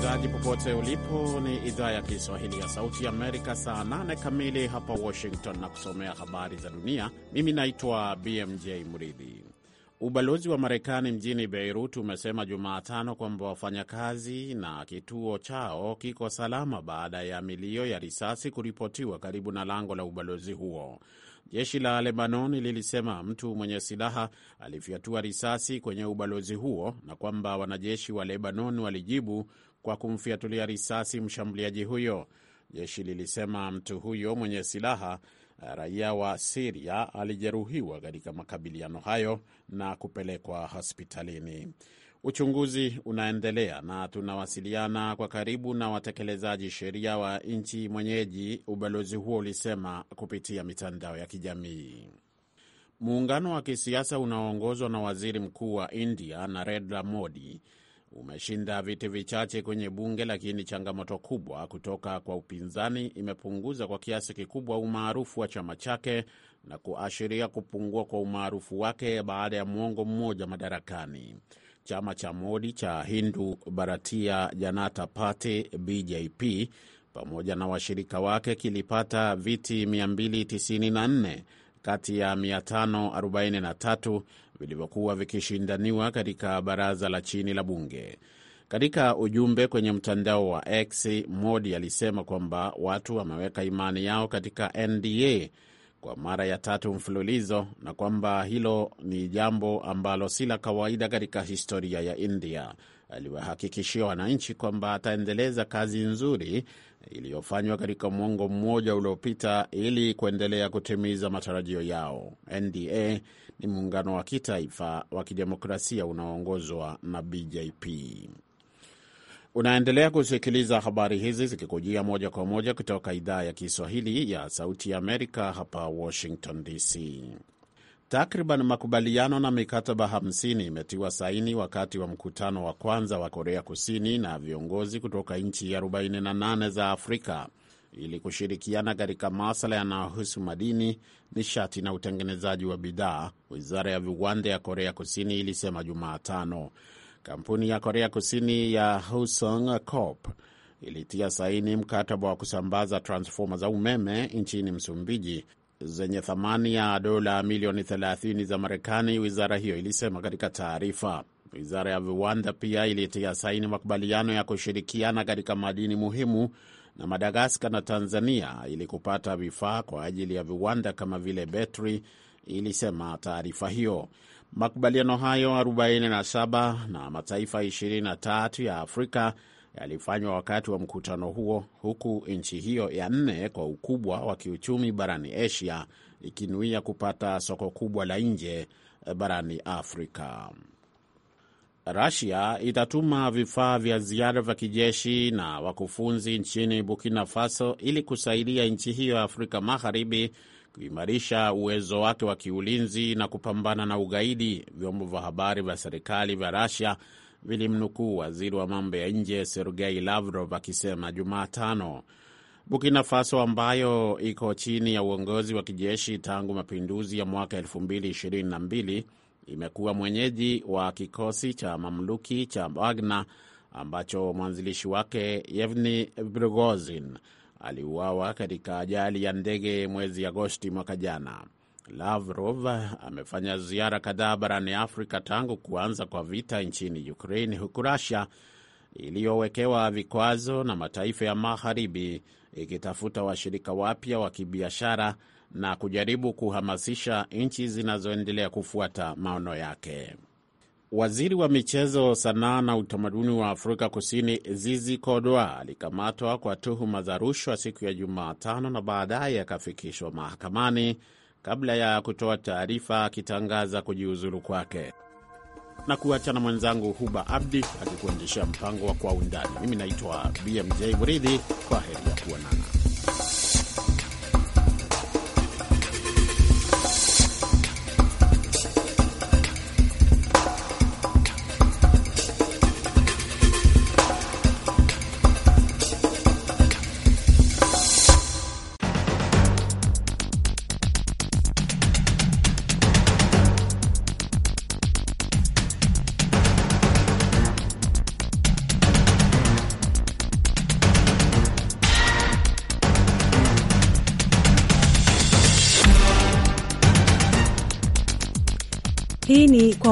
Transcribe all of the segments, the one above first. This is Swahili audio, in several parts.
Msikilizaji popote ulipo, ni idhaa ya Kiswahili ya Sauti Amerika, saa 8 kamili hapa Washington na kusomea habari za dunia. Mimi naitwa BMJ Mridhi. Ubalozi wa Marekani mjini Beirut umesema jumaatano kwamba wafanyakazi na kituo chao kiko salama baada ya milio ya risasi kuripotiwa karibu na lango la ubalozi huo. Jeshi la lebanon lilisema mtu mwenye silaha alifyatua risasi kwenye ubalozi huo na kwamba wanajeshi wa Lebanon walijibu kwa kumfiatulia risasi mshambuliaji huyo. Jeshi lilisema mtu huyo mwenye silaha eh, raia wa Siria alijeruhiwa katika makabiliano hayo na kupelekwa hospitalini. Uchunguzi unaendelea na tunawasiliana kwa karibu na watekelezaji sheria wa nchi mwenyeji, ubalozi huo ulisema kupitia mitandao ya kijamii. Muungano wa kisiasa unaoongozwa na waziri mkuu wa India Narendra Modi umeshinda viti vichache kwenye bunge, lakini changamoto kubwa kutoka kwa upinzani imepunguza kwa kiasi kikubwa umaarufu wa chama chake na kuashiria kupungua kwa umaarufu wake baada ya mwongo mmoja madarakani. Chama cha Modi cha Hindu Bharatiya Janata Party BJP pamoja na washirika wake kilipata viti 294 kati ya 543 vilivyokuwa vikishindaniwa katika baraza la chini la bunge. Katika ujumbe kwenye mtandao wa X, Modi alisema kwamba watu wameweka imani yao katika NDA kwa mara ya tatu mfululizo na kwamba hilo ni jambo ambalo si la kawaida katika historia ya India. Aliwahakikishia wananchi kwamba ataendeleza kazi nzuri iliyofanywa katika mwongo mmoja uliopita ili kuendelea kutimiza matarajio yao. NDA ni muungano wa kitaifa wa kidemokrasia unaoongozwa na BJP. Unaendelea kusikiliza habari hizi zikikujia moja kwa moja kutoka idhaa ya Kiswahili ya Sauti ya Amerika, hapa Washington DC. Takriban makubaliano na mikataba 50 imetiwa saini wakati wa mkutano wa kwanza wa Korea Kusini na viongozi kutoka nchi 48 za Afrika ili kushirikiana katika masuala yanayohusu madini, nishati na utengenezaji wa bidhaa, wizara ya viwanda ya Korea Kusini ilisema Jumatano. Kampuni ya Korea Kusini ya Husung Corp ilitia saini mkataba wa kusambaza transfoma za umeme nchini Msumbiji zenye thamani ya dola milioni 30 za Marekani, wizara hiyo ilisema katika taarifa. Wizara ya viwanda pia ilitia saini makubaliano ya kushirikiana katika madini muhimu na Madagaskar na Tanzania ili kupata vifaa kwa ajili ya viwanda kama vile betri, ilisema taarifa hiyo. Makubaliano hayo 47 na mataifa 23 ya Afrika yalifanywa wakati wa mkutano huo, huku nchi hiyo ya nne kwa ukubwa wa kiuchumi barani Asia ikinuia kupata soko kubwa la nje barani Afrika. Rasia itatuma vifaa vya ziada vya kijeshi na wakufunzi nchini Burkina Faso ili kusaidia nchi hiyo ya Afrika Magharibi kuimarisha uwezo wake wa kiulinzi na kupambana na ugaidi. Vyombo vya habari vya serikali vya Rasia vilimnukuu waziri wa mambo ya nje Sergei Lavrov akisema Jumatano. Burkina Faso ambayo iko chini ya uongozi wa kijeshi tangu mapinduzi ya mwaka 2022 imekuwa mwenyeji wa kikosi cha mamluki cha Wagner ambacho mwanzilishi wake yevni Prigozhin aliuawa katika ajali ya ndege mwezi Agosti mwaka jana. Lavrov amefanya ziara kadhaa barani Afrika tangu kuanza kwa vita nchini Ukraine, huku rasia iliyowekewa vikwazo na mataifa ya Magharibi ikitafuta washirika wapya wa kibiashara na kujaribu kuhamasisha nchi zinazoendelea kufuata maono yake. Waziri wa michezo, sanaa na utamaduni wa Afrika Kusini Zizi Kodwa alikamatwa kwa tuhuma za rushwa siku ya Jumatano na baadaye akafikishwa mahakamani kabla ya kutoa taarifa akitangaza kujiuzulu kwake na kuacha na mwenzangu Huba Abdi akikuendeshea mpango wa Kwa Undani. Mimi naitwa BMJ Muridhi, kwa heri ya kuonana.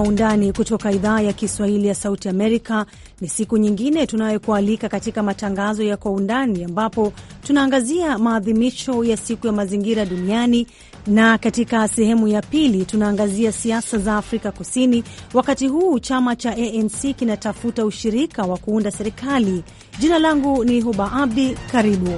undani kutoka idhaa ya Kiswahili ya Sauti Amerika. Ni siku nyingine tunayokualika katika matangazo ya kwa undani, ambapo tunaangazia maadhimisho ya siku ya mazingira duniani, na katika sehemu ya pili tunaangazia siasa za Afrika Kusini, wakati huu chama cha ANC kinatafuta ushirika wa kuunda serikali. Jina langu ni Huba Abdi, karibu.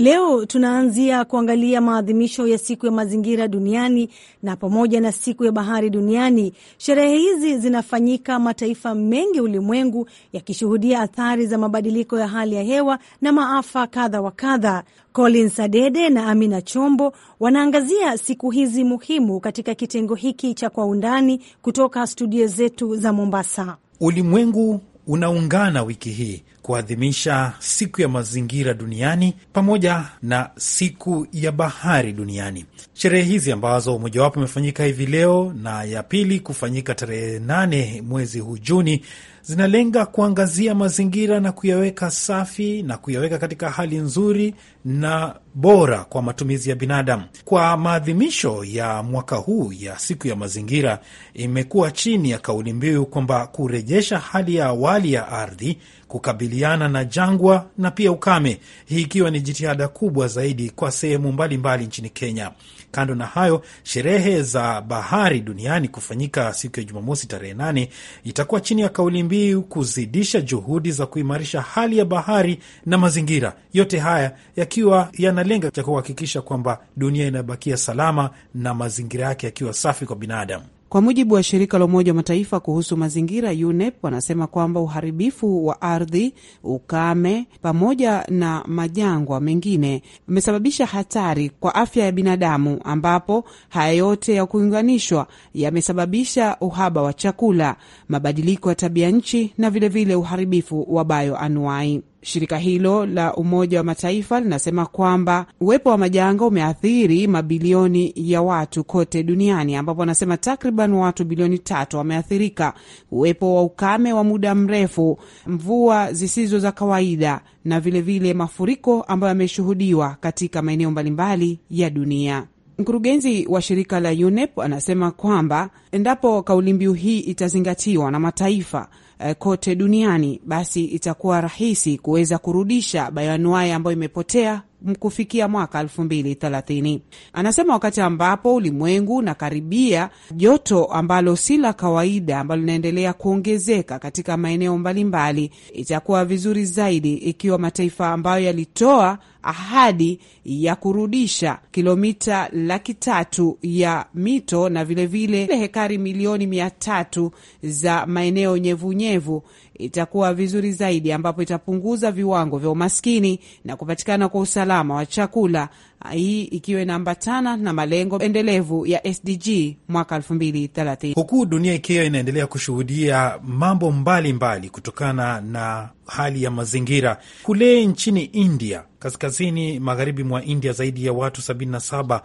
Leo tunaanzia kuangalia maadhimisho ya siku ya mazingira duniani na pamoja na siku ya bahari duniani. Sherehe hizi zinafanyika mataifa mengi ulimwengu yakishuhudia athari za mabadiliko ya hali ya hewa na maafa kadha wa kadha. Colin sadede na Amina Chombo wanaangazia siku hizi muhimu katika kitengo hiki cha Kwa Undani kutoka studio zetu za Mombasa. Ulimwengu unaungana wiki hii kuadhimisha siku ya mazingira duniani pamoja na siku ya bahari duniani. Sherehe hizi ambazo mojawapo imefanyika hivi leo na ya pili kufanyika tarehe nane mwezi huu Juni zinalenga kuangazia mazingira na kuyaweka safi na kuyaweka katika hali nzuri na bora kwa matumizi ya binadamu. Kwa maadhimisho ya mwaka huu ya siku ya mazingira, imekuwa chini ya kauli mbiu kwamba kurejesha hali ya awali ya ardhi kukabiliana na jangwa na pia ukame, hii ikiwa ni jitihada kubwa zaidi kwa sehemu mbalimbali nchini Kenya. Kando na hayo, sherehe za bahari duniani kufanyika siku ya Jumamosi tarehe nane itakuwa chini ya kauli mbiu kuzidisha juhudi za kuimarisha hali ya bahari na mazingira. Yote haya yakiwa yanalenga cha kuhakikisha kwamba dunia inabakia salama na mazingira yake yakiwa safi kwa binadamu. Kwa mujibu wa shirika la Umoja wa Mataifa kuhusu mazingira UNEP, wanasema kwamba uharibifu wa ardhi, ukame pamoja na majangwa mengine umesababisha hatari kwa afya ya binadamu, ambapo haya yote ya kuunganishwa yamesababisha uhaba wa chakula, mabadiliko ya tabia nchi na vilevile vile uharibifu wa bayoanuai. Shirika hilo la Umoja wa Mataifa linasema kwamba uwepo wa majanga umeathiri mabilioni ya watu kote duniani, ambapo wanasema takriban watu bilioni tatu wameathirika. Uwepo wa ukame wa muda mrefu, mvua zisizo za kawaida na vilevile vile mafuriko ambayo yameshuhudiwa katika maeneo mbalimbali ya dunia. Mkurugenzi wa shirika la UNEP anasema kwamba endapo kaulimbiu hii itazingatiwa na mataifa Eh, kote duniani, basi itakuwa rahisi kuweza kurudisha bayanuai ambayo imepotea kufikia mwaka 2030. Anasema wakati ambapo ulimwengu unakaribia joto ambalo si la kawaida ambalo linaendelea kuongezeka katika maeneo mbalimbali, itakuwa vizuri zaidi ikiwa mataifa ambayo yalitoa ahadi ya kurudisha kilomita laki tatu ya mito na vilevile vile hekari milioni mia tatu za maeneo nyevunyevu itakuwa vizuri zaidi, ambapo itapunguza viwango vya umaskini na kupatikana kwa usalama wa chakula, hii ikiwa inaambatana na malengo endelevu ya SDG mwaka 2030, huku dunia ikiwa inaendelea kushuhudia mambo mbalimbali mbali kutokana na hali ya mazingira. Kule nchini India, kaskazini magharibi mwa India, zaidi ya watu 77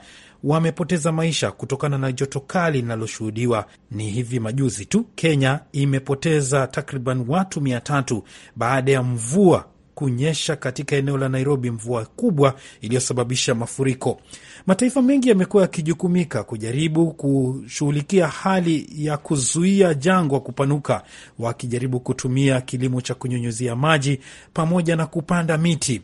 wamepoteza maisha kutokana na joto kali linaloshuhudiwa. Ni hivi majuzi tu Kenya imepoteza takriban watu mia tatu baada ya mvua kunyesha katika eneo la Nairobi, mvua kubwa iliyosababisha mafuriko. Mataifa mengi yamekuwa yakijukumika kujaribu kushughulikia hali ya kuzuia jangwa kupanuka, wakijaribu kutumia kilimo cha kunyunyuzia maji pamoja na kupanda miti.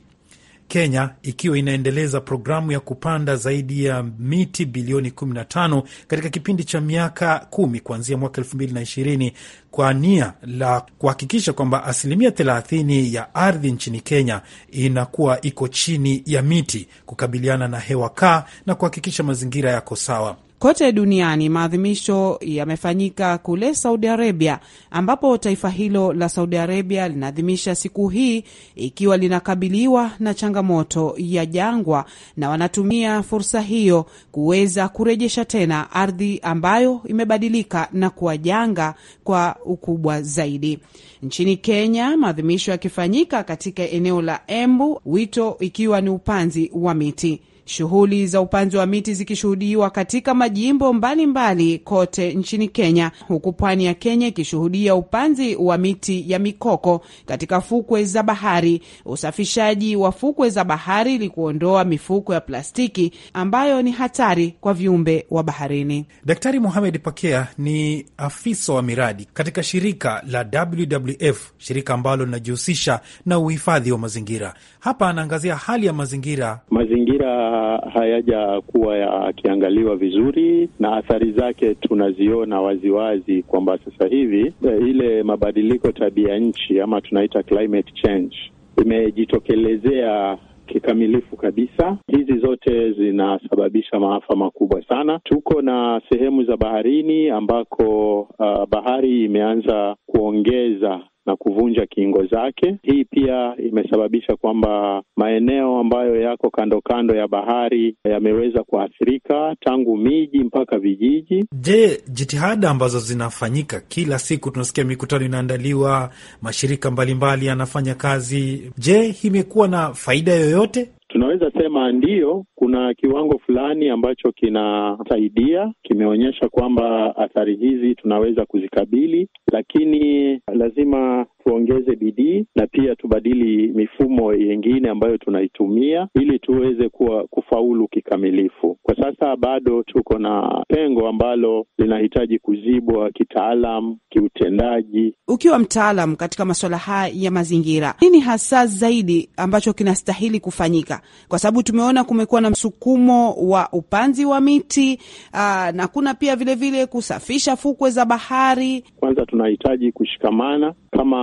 Kenya ikiwa inaendeleza programu ya kupanda zaidi ya miti bilioni 15 katika kipindi cha miaka kumi kuanzia mwaka 2020 kwa nia la kuhakikisha kwamba asilimia 30 ya ardhi nchini Kenya inakuwa iko chini ya miti, kukabiliana na hewa kaa na kuhakikisha mazingira yako sawa. Kote duniani maadhimisho yamefanyika kule Saudi Arabia, ambapo taifa hilo la Saudi Arabia linaadhimisha siku hii ikiwa linakabiliwa na changamoto ya jangwa, na wanatumia fursa hiyo kuweza kurejesha tena ardhi ambayo imebadilika na kuwa janga kwa ukubwa zaidi. Nchini Kenya, maadhimisho yakifanyika katika eneo la Embu, wito ikiwa ni upanzi wa miti shughuli za upanzi wa miti zikishuhudiwa katika majimbo mbalimbali mbali kote nchini Kenya, huku pwani ya Kenya ikishuhudia upanzi wa miti ya mikoko katika fukwe za bahari, usafishaji wa fukwe za bahari ili kuondoa mifuko ya plastiki ambayo ni hatari kwa viumbe wa baharini. Daktari Mohamed Pakea ni afisa wa miradi katika shirika la WWF, shirika ambalo linajihusisha na uhifadhi wa mazingira. Hapa anaangazia hali ya mazingira mazingira hayajakuwa yakiangaliwa vizuri, na athari zake tunaziona waziwazi kwamba sasa hivi eh, ile mabadiliko tabia nchi ama tunaita climate change imejitokelezea kikamilifu kabisa. Hizi zote zinasababisha maafa makubwa sana. Tuko na sehemu za baharini ambako uh, bahari imeanza kuongeza na kuvunja kingo zake. Hii pia imesababisha kwamba maeneo ambayo yako kando kando ya bahari yameweza kuathirika tangu miji mpaka vijiji. Je, jitihada ambazo zinafanyika kila siku, tunasikia mikutano inaandaliwa, mashirika mbalimbali yanafanya kazi, je, imekuwa na faida yoyote? Tunaweza sema ndiyo, kuna kiwango fulani ambacho kinasaidia, kimeonyesha kwamba athari hizi tunaweza kuzikabili, lakini lazima tuongeze bidii na pia tubadili mifumo yengine ambayo tunaitumia ili tuweze kuwa kufaulu kikamilifu. Kwa sasa bado tuko na pengo ambalo linahitaji kuzibwa kitaalam, kiutendaji. Ukiwa mtaalam katika masuala haya ya mazingira, nini hasa zaidi ambacho kinastahili kufanyika? kwa sababu tumeona kumekuwa na msukumo wa upanzi wa miti aa, ah, na kuna pia vilevile vile kusafisha fukwe za bahari. Kwanza tunahitaji kushikamana kama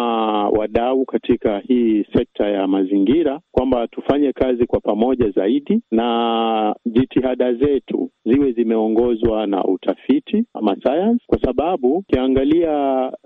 wadau katika hii sekta ya mazingira kwamba tufanye kazi kwa pamoja zaidi, na jitihada zetu ziwe zimeongozwa na utafiti ama science, kwa sababu ukiangalia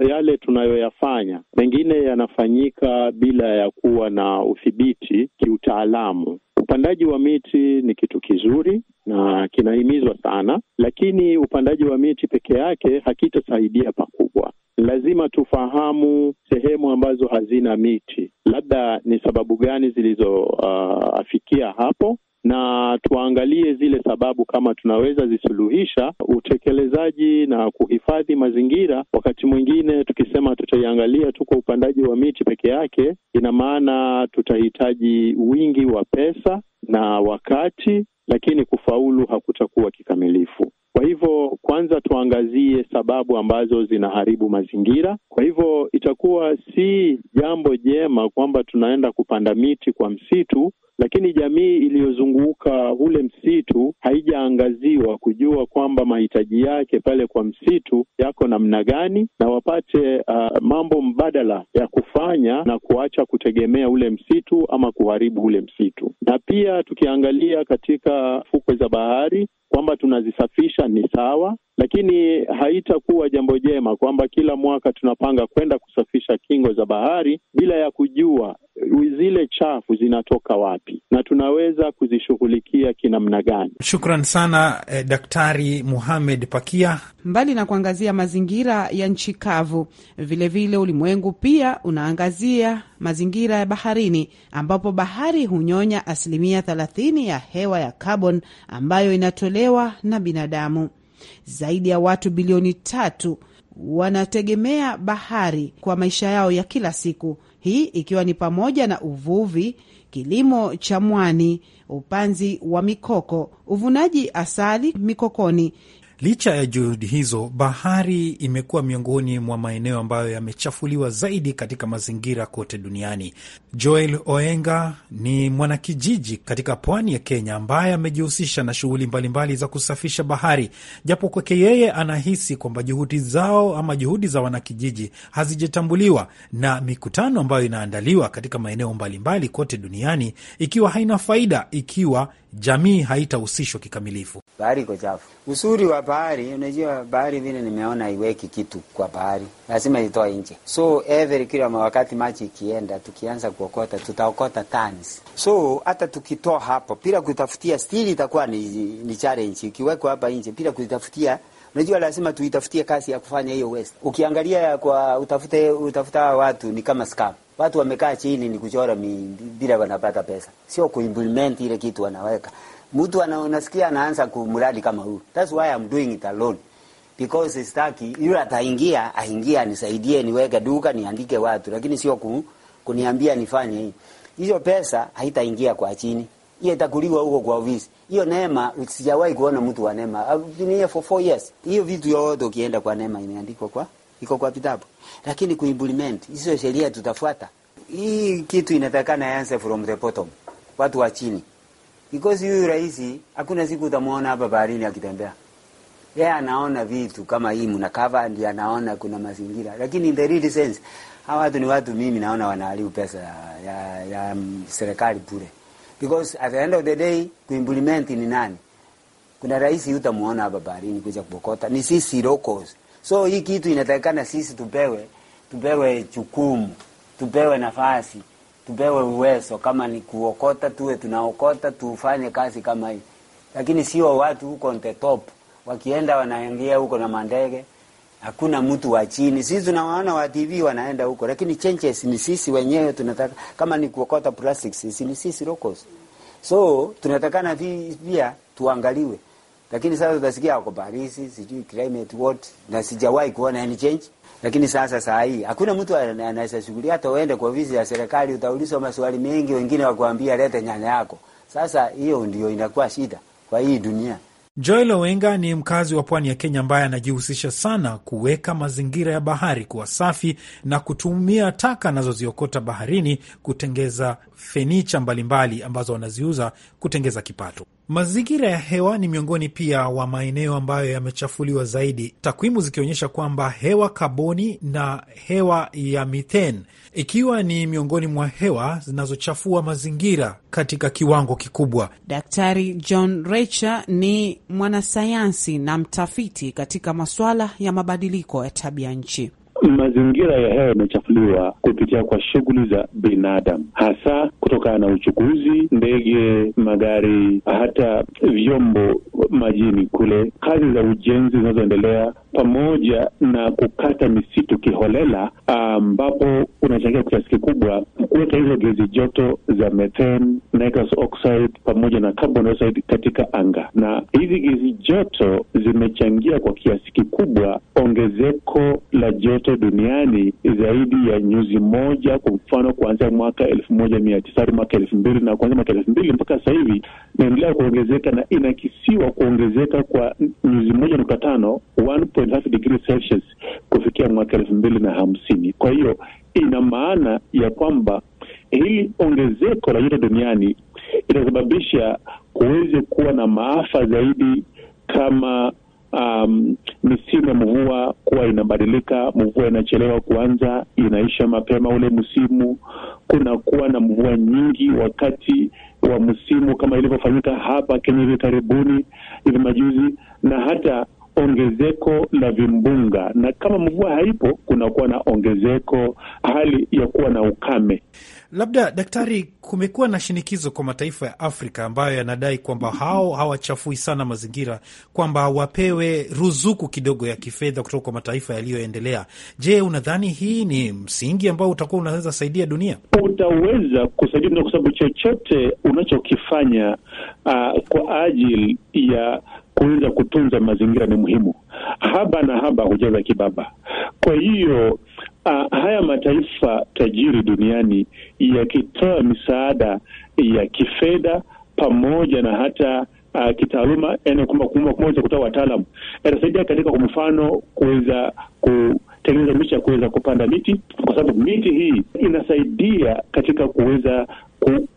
yale tunayoyafanya mengine yanafanyika bila ya kuwa na udhibiti kiutaalamu. Upandaji wa miti ni kitu kizuri na kinahimizwa sana, lakini upandaji wa miti peke yake hakitasaidia pakubwa lazima tufahamu sehemu ambazo hazina miti, labda ni sababu gani zilizoafikia uh, hapo na tuangalie zile sababu kama tunaweza zisuluhisha. Utekelezaji na kuhifadhi mazingira, wakati mwingine tukisema tutaiangalia tu kwa upandaji wa miti peke yake, ina maana tutahitaji wingi wa pesa na wakati, lakini kufaulu hakutakuwa kikamilifu. Kwa hivyo kwanza tuangazie sababu ambazo zinaharibu mazingira. Kwa hivyo itakuwa si jambo jema kwamba tunaenda kupanda miti kwa msitu lakini jamii iliyozunguka ule msitu haijaangaziwa kujua kwamba mahitaji yake pale kwa msitu yako namna gani, na wapate uh, mambo mbadala ya kufanya na kuacha kutegemea ule msitu ama kuharibu ule msitu. Na pia tukiangalia katika fukwe za bahari kwamba tunazisafisha ni sawa, lakini haitakuwa jambo jema kwamba kila mwaka tunapanga kwenda kusafisha kingo za bahari bila ya kujua zile chafu zinatoka wapi na tunaweza kuzishughulikia kinamna gani. Shukran sana eh, Daktari Muhamed Pakia. Mbali na kuangazia mazingira ya nchi kavu, vilevile ulimwengu pia unaangazia mazingira ya baharini, ambapo bahari hunyonya asilimia thelathini ya hewa ya kaboni ambayo inatolewa na binadamu. Zaidi ya watu bilioni tatu wanategemea bahari kwa maisha yao ya kila siku hii ikiwa ni pamoja na uvuvi, kilimo cha mwani, upanzi wa mikoko, uvunaji asali mikokoni, Licha ya juhudi hizo, bahari imekuwa miongoni mwa maeneo ambayo yamechafuliwa zaidi katika mazingira kote duniani. Joel Oenga ni mwanakijiji katika pwani ya Kenya ambaye amejihusisha na shughuli mbalimbali za kusafisha bahari, japo kwake yeye anahisi kwamba juhudi zao ama juhudi za wanakijiji hazijatambuliwa na mikutano ambayo inaandaliwa katika maeneo mbalimbali kote duniani, ikiwa haina faida ikiwa jamii haitahusishwa kikamilifu. Bahari iko chafu. Uzuri wa bahari, unajua bahari vile nimeona iweki kitu kwa bahari, lazima itoa nje. So every kila wakati maji ikienda, tukianza kuokota tutaokota tons. So hata tukitoa hapo bila kutafutia, stili, itakuwa ni, ni challenge. Ikiwekwa hapa nje bila kutafutia Unajua, lazima tuitafutie kazi ya kufanya hiyo waste. Ukiangalia kwa utafute utafuta watu ni kama scam. Watu wamekaa chini ni kuchora bila wanapata pesa, sio kuimplement ile kitu wanaweka mtu anaonasikia anaanza kumradi kama huu. That's why I'm doing it alone. Because sitaki yule ataingia, aingia nisaidie, niweke duka, niandike watu, lakini sio ku, kuniambia nifanye hii. Hiyo pesa haitaingia kwa chini. Hiyo itakuliwa huko kwa ofisi. Hiyo neema sijawahi kuona mtu wa neema. I've here for four years. Hiyo vitu yote ukienda kwa neema imeandikwa kwa iko kwa kitabu, Lakini kuimplement hizo sheria tutafuata. Hii kitu inatakana yanze from the bottom. Watu wa chini. Because huyu rais hakuna siku utamwona hapa baharini akitembea. Yeye yeah, anaona vitu kama hii mnakava ndio anaona kuna mazingira. Lakini in the real sense hawa watu ni watu mimi naona wanaharibu pesa ya, ya mm, serikali bure. Because at the end of the day kuimplement ni nani? Kuna rais utamuona hapa baharini kuja kubokota. Ni sisi locals. So hii kitu inatakikana sisi tupewe tupewe jukumu, tupewe nafasi tupewe uwezo, kama ni kuokota tuwe tunaokota, tufanye kazi kama hii, lakini sio watu huko on the top wakienda wanaingia huko na mandege, hakuna mtu wa chini. Sisi tunawaona wa TV wanaenda huko, lakini changes ni sisi wenyewe tunataka. Kama ni kuokota plastics, sisi ni sisi locals, so tunatakana pia tuangaliwe. Lakini sasa utasikia wako Paris, sijui climate what, na sijawahi kuona any change. Lakini sasa saa hii hakuna mtu anaweza shughulia, hata uende kwa ofisi ya serikali utaulizwa maswali mengi, wengine wakuambia lete nyanya yako. Sasa hiyo ndio inakuwa shida kwa hii dunia. Joel Owenga ni mkazi wa pwani ya Kenya ambaye anajihusisha sana kuweka mazingira ya bahari kuwa safi na kutumia taka anazoziokota baharini kutengeza fenicha mbalimbali ambazo wanaziuza kutengeza kipato. Mazingira ya hewa ni miongoni pia wa maeneo ambayo yamechafuliwa zaidi, takwimu zikionyesha kwamba hewa kaboni na hewa ya mithen ikiwa ni miongoni mwa hewa zinazochafua mazingira katika kiwango kikubwa. Daktari John Recher ni mwanasayansi na mtafiti katika masuala ya mabadiliko ya tabia nchi mazingira ya hewa yamechafuliwa kupitia kwa shughuli za binadamu, hasa kutokana na uchukuzi, ndege, magari, hata vyombo majini kule, kazi za ujenzi zinazoendelea pamoja na kukata misitu kiholela, ambapo unachangia kwa kiasi kikubwa kuweka hizo gezi joto za methane, nitrous oxide pamoja na carbon dioxide katika anga, na hizi gezi joto zimechangia kwa kiasi kikubwa ongezeko la joto duniani zaidi ya nyuzi moja, kwa mfano kuanzia mwaka elfu moja mia tisa hadi mwaka elfu mbili na kuanzia mwaka elfu mbili mpaka sasa hivi inaendelea kuongezeka na inakisiwa kuongezeka kwa nyuzi moja nukta tano kufikia mwaka elfu mbili na hamsini. Kwa hiyo ina maana ya kwamba hili ongezeko la joto duniani itasababisha kuweze kuwa na maafa zaidi kama um, misimu ya mvua kuwa inabadilika, mvua inachelewa kuanza, inaisha mapema ule msimu. Kunakuwa na mvua nyingi wakati wa msimu, kama ilivyofanyika hapa Kenya hivi karibuni, hivi majuzi, na hata ongezeko la vimbunga, na kama mvua haipo, kunakuwa na ongezeko hali ya kuwa na ukame. Labda daktari, kumekuwa na shinikizo kwa mataifa ya Afrika ambayo yanadai kwamba hao hawachafui sana mazingira, kwamba wapewe ruzuku kidogo ya kifedha kutoka kwa mataifa yaliyoendelea. Je, unadhani hii ni msingi ambao utakuwa unaweza saidia dunia? Utaweza kusaidia dunia kwa sababu chochote unachokifanya uh, kwa ajili ya kuweza kutunza mazingira ni muhimu. Haba na haba hujaza kibaba. Kwa hiyo uh, haya mataifa tajiri duniani yakitoa misaada ya kifedha pamoja na hata uh, kitaaluma, yani kuweza kutoa wataalam, yatasaidia katika kwa mfano kuweza kutengeneza miche ya kuweza kupanda miti, kwa sababu miti hii inasaidia katika kuweza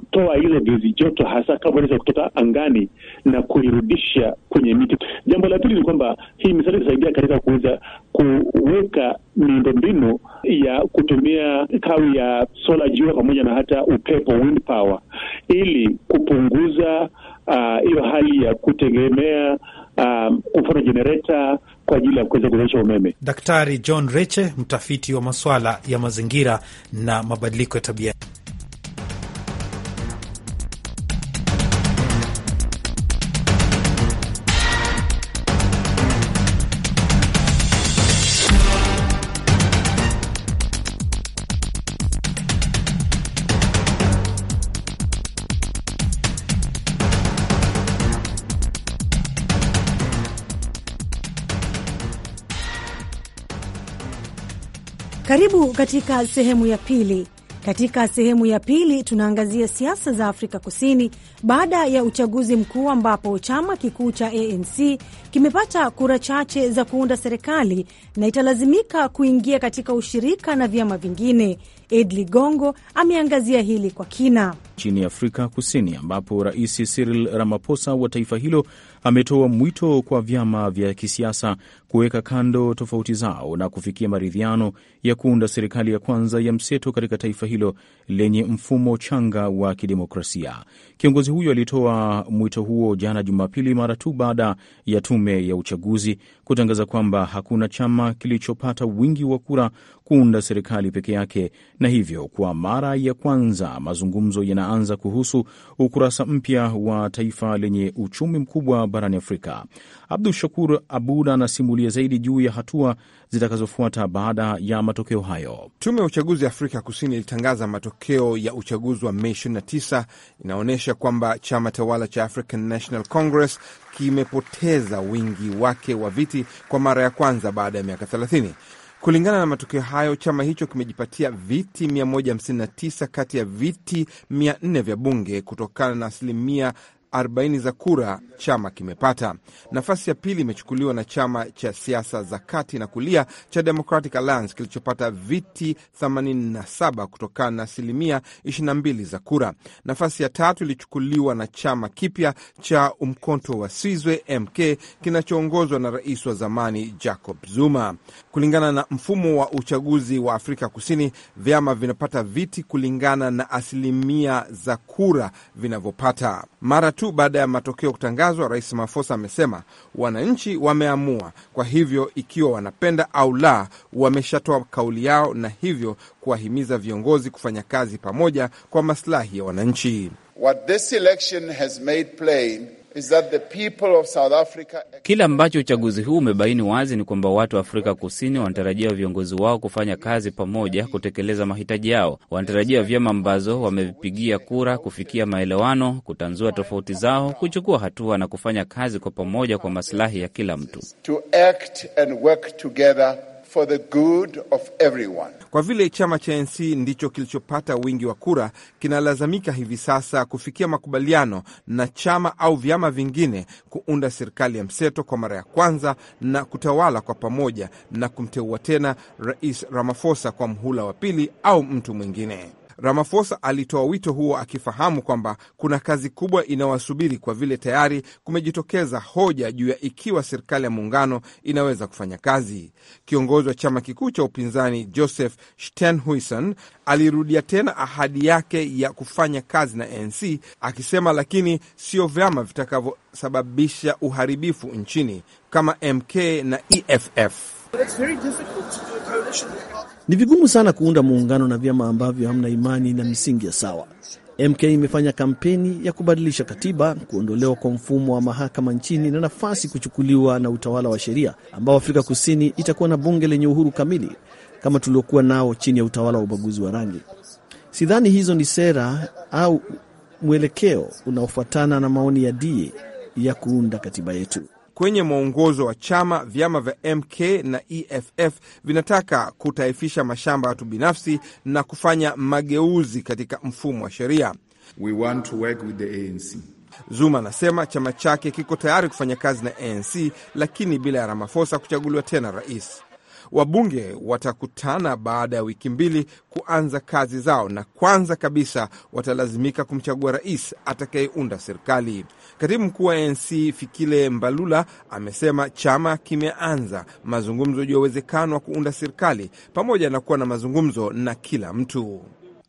kutoa ile gesi joto hasa kama kutoka angani na kuirudisha kwenye miti. Jambo la pili ni kwamba hii misali itasaidia katika kuweza kuweka miundombinu ya kutumia kawi ya sola, jua pamoja na hata upepo, wind power, ili kupunguza ah, hiyo uh, hali ya kutegemea ah, mfano um, jenereta kwa ajili ya kuweza kuzalisha umeme. Daktari John Reche, mtafiti wa masuala ya mazingira na mabadiliko ya tabia Karibu katika sehemu ya pili. Katika sehemu ya pili tunaangazia siasa za Afrika Kusini baada ya uchaguzi mkuu ambapo chama kikuu cha ANC kimepata kura chache za kuunda serikali na italazimika kuingia katika ushirika na vyama vingine Ed Ligongo ameangazia hili kwa kina. ya Afrika Kusini, ambapo Rais Cyril Ramaphosa wa taifa hilo ametoa mwito kwa vyama vya kisiasa kuweka kando tofauti zao na kufikia maridhiano ya kuunda serikali ya kwanza ya mseto katika taifa hilo lenye mfumo changa wa kidemokrasia. Kiongozi huyo alitoa mwito huo jana Jumapili, mara tu baada ya tume ya uchaguzi kutangaza kwamba hakuna chama kilichopata wingi wa kura kuunda serikali peke yake, na hivyo kwa mara ya kwanza mazungumzo yanaanza kuhusu ukurasa mpya wa taifa lenye uchumi mkubwa barani Afrika. Abdu Shakur Abud anasimulia zaidi juu ya hatua zitakazofuata baada ya matokeo hayo. Tume ya uchaguzi ya Afrika Kusini ilitangaza matokeo ya uchaguzi wa Mei 29 inaonyesha kwamba chama tawala cha African National Congress kimepoteza wingi wake wa viti kwa mara ya kwanza baada ya miaka 30. Kulingana na matokeo hayo, chama hicho kimejipatia viti 159 kati ya viti 400 vya bunge kutokana na asilimia 40 za kura chama kimepata. Nafasi ya pili imechukuliwa na chama cha siasa za kati na kulia cha Democratic Alliance kilichopata viti 87 kutokana na asilimia 22 za kura. Nafasi ya tatu ilichukuliwa na chama kipya cha Umkonto wa Sizwe MK kinachoongozwa na rais wa zamani Jacob Zuma. Kulingana na mfumo wa uchaguzi wa Afrika Kusini, vyama vinapata viti kulingana na asilimia za kura vinavyopata mara tu tu baada ya matokeo kutangazwa, Rais Mafosa amesema wananchi wameamua, kwa hivyo ikiwa wanapenda au la, wameshatoa kauli yao, na hivyo kuwahimiza viongozi kufanya kazi pamoja kwa maslahi ya wananchi. What this election has made plain Kile ambacho uchaguzi huu umebaini wazi ni kwamba watu wa Afrika Kusini wanatarajia viongozi wao kufanya kazi pamoja kutekeleza mahitaji yao. Wanatarajia vyama ambazo wamevipigia kura kufikia maelewano, kutanzua tofauti zao, kuchukua hatua na kufanya kazi kwa pamoja kwa masilahi ya kila mtu. Kwa vile chama cha ANC ndicho kilichopata wingi wa kura, kinalazimika hivi sasa kufikia makubaliano na chama au vyama vingine kuunda serikali ya mseto kwa mara ya kwanza na kutawala kwa pamoja na kumteua tena Rais Ramaphosa kwa mhula wa pili au mtu mwingine. Ramaphosa alitoa wito huo akifahamu kwamba kuna kazi kubwa inawasubiri kwa vile tayari kumejitokeza hoja juu ya ikiwa serikali ya muungano inaweza kufanya kazi. Kiongozi wa chama kikuu cha upinzani Joseph Stenhuisen alirudia tena ahadi yake ya kufanya kazi na ANC akisema, lakini sio vyama vitakavyosababisha uharibifu nchini kama MK na EFF. Ni vigumu sana kuunda muungano na vyama ambavyo hamna imani na misingi ya sawa. MK imefanya kampeni ya kubadilisha katiba, kuondolewa kwa mfumo wa mahakama nchini na nafasi kuchukuliwa na utawala wa sheria, ambao Afrika Kusini itakuwa na bunge lenye uhuru kamili kama tuliokuwa nao chini ya utawala wa ubaguzi wa rangi. Sidhani hizo ni sera au mwelekeo unaofuatana na maoni ya die ya kuunda katiba yetu kwenye mwongozo wa chama, vyama vya MK na EFF vinataka kutaifisha mashamba ya watu binafsi na kufanya mageuzi katika mfumo wa sheria. We want to work with the ANC. Zuma anasema chama chake kiko tayari kufanya kazi na ANC, lakini bila ya Ramaphosa kuchaguliwa tena rais. Wabunge watakutana baada ya wiki mbili kuanza kazi zao, na kwanza kabisa watalazimika kumchagua rais atakayeunda serikali. Katibu mkuu wa ANC Fikile Mbalula amesema chama kimeanza mazungumzo juu ya uwezekano wa kuunda serikali pamoja na kuwa na mazungumzo na kila mtu.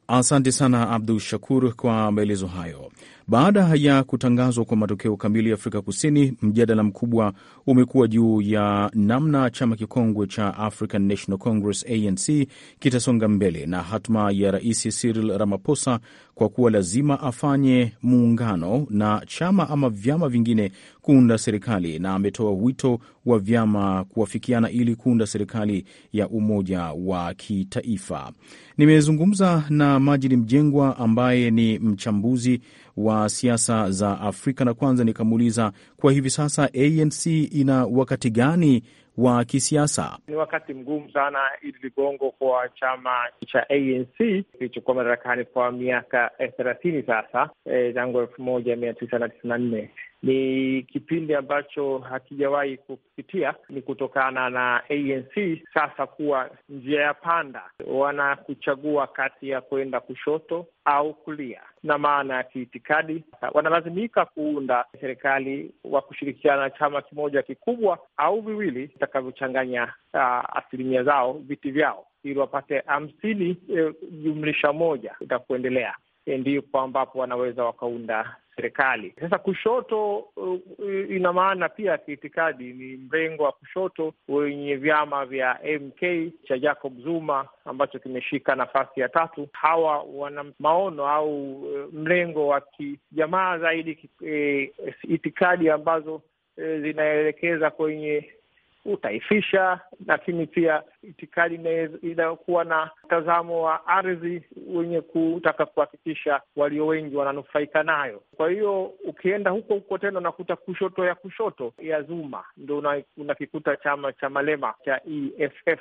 Asante sana Abdu Shakur kwa maelezo hayo. Baada ya kutangazwa kwa matokeo kamili Afrika Kusini, mjadala mkubwa umekuwa juu ya namna chama kikongwe cha African National Congress ANC kitasonga mbele na hatma ya Rais Cyril Ramaphosa kwa kuwa lazima afanye muungano na chama ama vyama vingine kuunda serikali, na ametoa wito wa vyama kuwafikiana ili kuunda serikali ya umoja wa kitaifa. Nimezungumza na Majid Mjengwa ambaye ni mchambuzi wa siasa za Afrika, na kwanza nikamuuliza kwa hivi sasa ANC ina wakati gani wa kisiasa? Ni wakati mgumu sana Idi Ligongo, kwa chama cha ANC kilichokuwa madarakani kwa miaka thelathini sasa, eh, tangu elfu moja mia tisa na tisini na nne ni kipindi ambacho hakijawahi kupitia, ni kutokana na ANC sasa kuwa njia ya panda, wanakuchagua kati ya kwenda kushoto au kulia, na maana ya kiitikadi wanalazimika kuunda serikali wa kushirikiana na chama kimoja kikubwa au viwili vitakavyochanganya uh, asilimia zao viti vyao ili wapate hamsini e, jumlisha uh, moja itakuendelea. E, Ndipo ambapo wanaweza wakaunda serikali. Sasa kushoto uh, uh ina maana pia kiitikadi ni mrengo wa kushoto wenye vyama vya MK cha Jacob Zuma ambacho kimeshika nafasi ya tatu. Hawa wana maono au uh, mrengo wa kijamaa zaidi, uh, itikadi ambazo eh, zinaelekeza kwenye utaifisha, lakini pia itikadi inayokuwa na mtazamo wa ardhi wenye kutaka kuhakikisha walio wengi wananufaika nayo. Kwa hiyo ukienda huko huko tena unakuta kushoto ya kushoto ya Zuma ndo unakikuta una chama cha Malema cha EFF,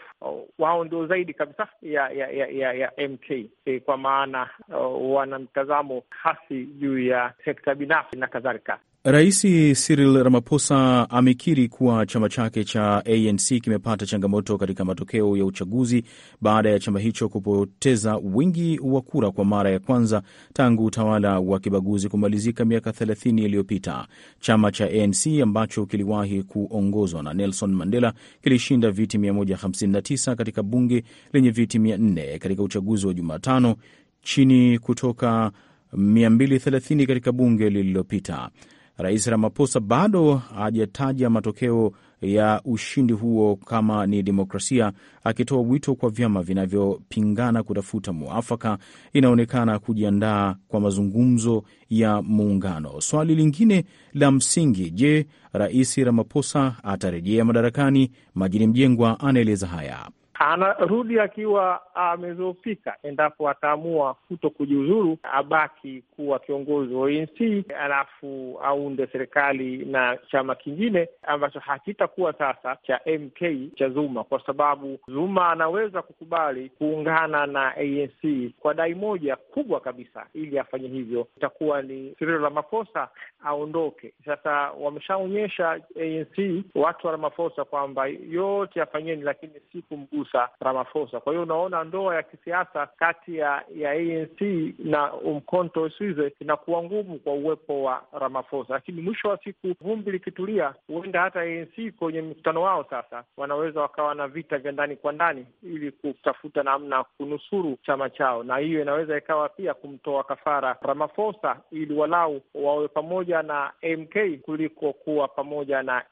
wao ndio zaidi kabisa ya ya ya, ya, ya MK e, kwa maana uh, wana mtazamo hasi juu ya sekta binafsi na kadhalika. Rais Cyril Ramaphosa amekiri kuwa chama chake cha ANC kimepata changamoto katika matokeo ya uchaguzi baada ya chama hicho kupoteza wingi wa kura kwa mara ya kwanza tangu utawala wa kibaguzi kumalizika miaka 30 iliyopita. Chama cha ANC ambacho kiliwahi kuongozwa na Nelson Mandela kilishinda viti 159 katika bunge lenye viti 400 katika uchaguzi wa Jumatano chini kutoka 230 katika bunge lililopita. Rais Ramaphosa bado hajataja matokeo ya ushindi huo kama ni demokrasia, akitoa wito kwa vyama vinavyopingana kutafuta mwafaka, inaonekana kujiandaa kwa mazungumzo ya muungano. Swali lingine la msingi, je, Rais Ramaphosa atarejea madarakani? Majini Mjengwa anaeleza haya anarudi akiwa amezofika, endapo ataamua kuto kujiuzuru, abaki kuwa kiongozi wa ANC alafu aunde serikali na chama kingine ambacho hakitakuwa sasa cha MK cha Zuma, kwa sababu Zuma anaweza kukubali kuungana na ANC kwa dai moja kubwa kabisa. Ili afanye hivyo, itakuwa ni Cyril Ramaphosa aondoke. Sasa wameshaonyesha ANC watu wa Ramaphosa kwamba yote afanyeni, lakini siku mguu Ramaphosa Ramaphosa. Kwa hiyo unaona ndoa ya kisiasa kati ya ya ANC na Umkhonto we Sizwe inakuwa ngumu kwa uwepo wa Ramaphosa, lakini mwisho wa siku vumbi likitulia, huenda hata ANC kwenye mkutano wao sasa wanaweza wakawa na vita vya ndani kwa ndani ili kutafuta namna kunusuru chama chao, na hiyo inaweza ikawa pia kumtoa kafara Ramaphosa ili walau wawe pamoja na MK kuliko kuwa pamoja na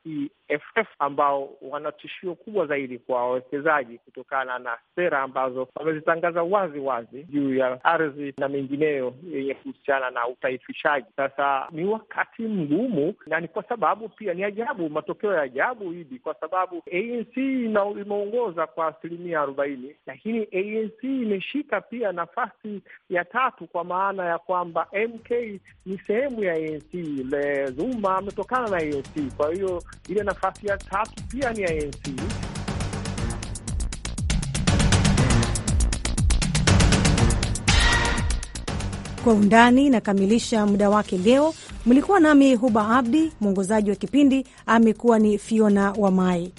EFF ambao wana tishio kubwa zaidi kwa wawekezaji kutokana na sera ambazo wamezitangaza wazi wazi juu ya ardhi na mengineyo yenye kuhusiana na utaifishaji. Sasa ni wakati mgumu, na ni kwa sababu pia ni ajabu, matokeo ya ajabu hivi, kwa sababu ANC imeongoza kwa asilimia arobaini, lakini ANC imeshika pia nafasi ya tatu, kwa maana ya kwamba MK ni sehemu ya ANC. Zuma ametokana na ANC, kwa hiyo ile nafasi ya tatu pia ni ANC. Kwa Undani inakamilisha muda wake leo. Mlikuwa nami Huba Abdi, mwongozaji wa kipindi amekuwa ni Fiona Wamai.